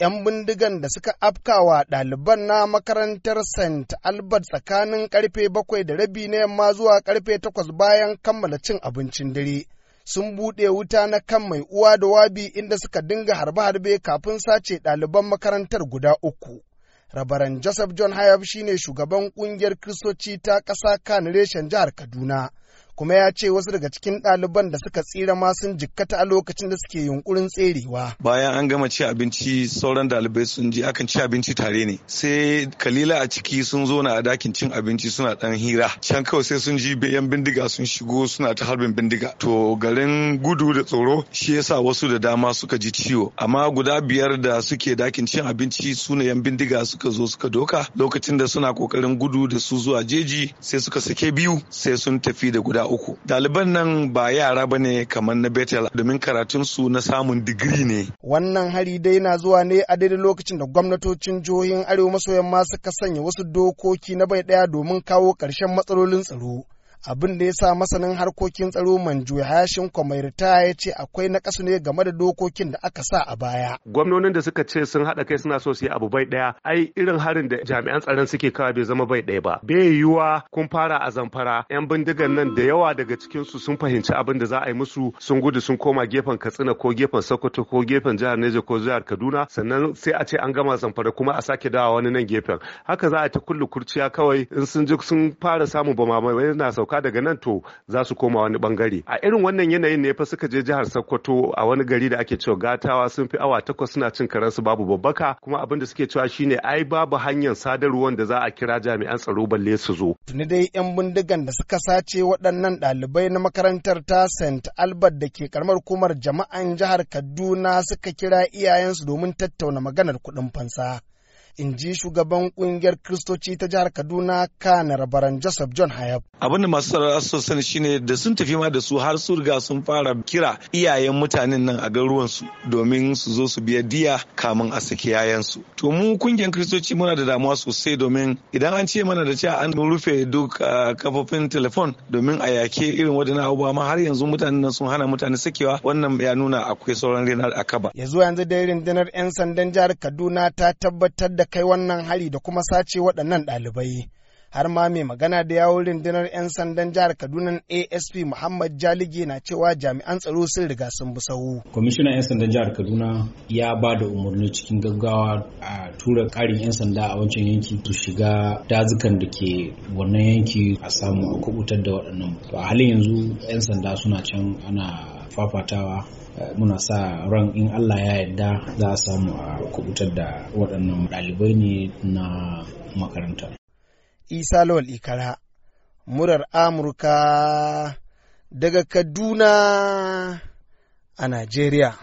'yan bindigan da suka afkawa ɗaliban na makarantar St. Albert tsakanin karfe bakwai da rabi na yamma zuwa karfe takwas bayan kammala cin abincin dare. Sun buɗe wuta na kan mai uwa da wabi inda suka dinga harbe-harbe kafin sace ɗaliban makarantar guda uku. Rabaran Joseph John Hayab shine shugaban ƙungiyar Kiristoci ta ƙasa kan reshen jihar Kaduna. kuma ya ce wasu daga cikin ɗaliban da suka tsira ma sun jikkata a lokacin da suke yunkurin tserewa. Bayan an gama ci abinci sauran ɗalibai sun ji akan ci abinci tare ne sai kalila a ciki sun zo na a dakin cin abinci suna ɗan hira can kawai sai sun ji bayan bindiga sun shigo suna ta harbin bindiga to garin gudu da tsoro shi yasa wasu da dama suka ji ciwo amma guda biyar da suke dakin cin abinci su ne yan bindiga suka zo suka doka lokacin da suna kokarin gudu da su zuwa jeji sai suka sake biyu sai sun tafi da guda uku ɗaliban nan ba yara ba ne kamar na betel domin karatunsu na samun digiri ne wannan hari dai na zuwa ne a daidai lokacin da gwamnatocin jihohin arewa maso yamma suka sanya wasu dokoki na bai ɗaya domin kawo ƙarshen matsalolin tsaro abin da ya sa masanin harkokin tsaro manju hashin kwamairita ya ce akwai na ne game da dokokin da aka sa a baya gwamnonin da suka ce sun haɗa kai suna so su yi abu bai ɗaya ai irin harin da jami'an tsaron suke kawo bai zama bai ɗaya ba bai yiwuwa kun fara a zamfara yan bindigan nan da yawa daga cikin su sun fahimci abin da za a yi musu sun gudu sun koma gefen katsina ko gefen sokoto ko gefen jihar neja ko jihar kaduna sannan sai a ce an gama zamfara kuma a sake dawa wani nan gefen haka za a ta kullu kurciya kawai in sun ji sun fara samun bamamai na sauka sauka daga nan to za su koma wani bangare a irin wannan yanayin ne fa suka je jihar Sokoto a wani gari da ake cewa gatawa sun fi awa takwas suna cin karansu babu babbaka kuma abin da suke cewa shine ai babu hanyar sadarwar da za a kira jami'an tsaro balle su zo tuni dai yan bindigan da suka sace waɗannan ɗalibai na makarantar ta St Albert da ke karamar hukumar jama'an jihar Kaduna suka kira iyayensu domin tattauna maganar kuɗin fansa in ji shugaban kungiyar kristoci ta jihar kaduna kanar baran joseph john hayab abinda masu saurara asusun shine da sun tafi ma da su har su riga sun fara kira iyayen mutanen nan a garuruwan su domin su zo su biya diya kamun a saki yayan su to mu kungiyar kristoci muna da damuwa sosai domin idan an ce mana da cewa an rufe duk kafofin telefon domin a yake irin wadannan abubuwa ma har yanzu mutanen nan sun hana mutane sakewa wannan ya nuna akwai sauran rinar a kaba yanzu yanzu da irin rundunar 'yan sandan jihar kaduna ta tabbatar da kai wannan hari da kuma sace waɗannan ɗalibai. Har ma mai magana da yawon rundunar 'yan sandan jihar Kaduna ASP Muhammad Jalige na cewa jami'an tsaro sun riga sun bi sahu. Kwamishinan 'yan sandan jihar Kaduna ya ba da umarni cikin gaggawa a tura ƙarin 'yan sanda a wancan yanki su shiga dazukan da ke wannan yanki a samu a kubutar da waɗannan. A halin yanzu 'yan sanda suna can ana fafatawa eh, muna sa ran in Allah ya yarda za a samu a kubutar da waɗannan ɗalibai ne na makaranta. Isa Lawal Ikara, murar Amurka daga Kaduna a Najeriya.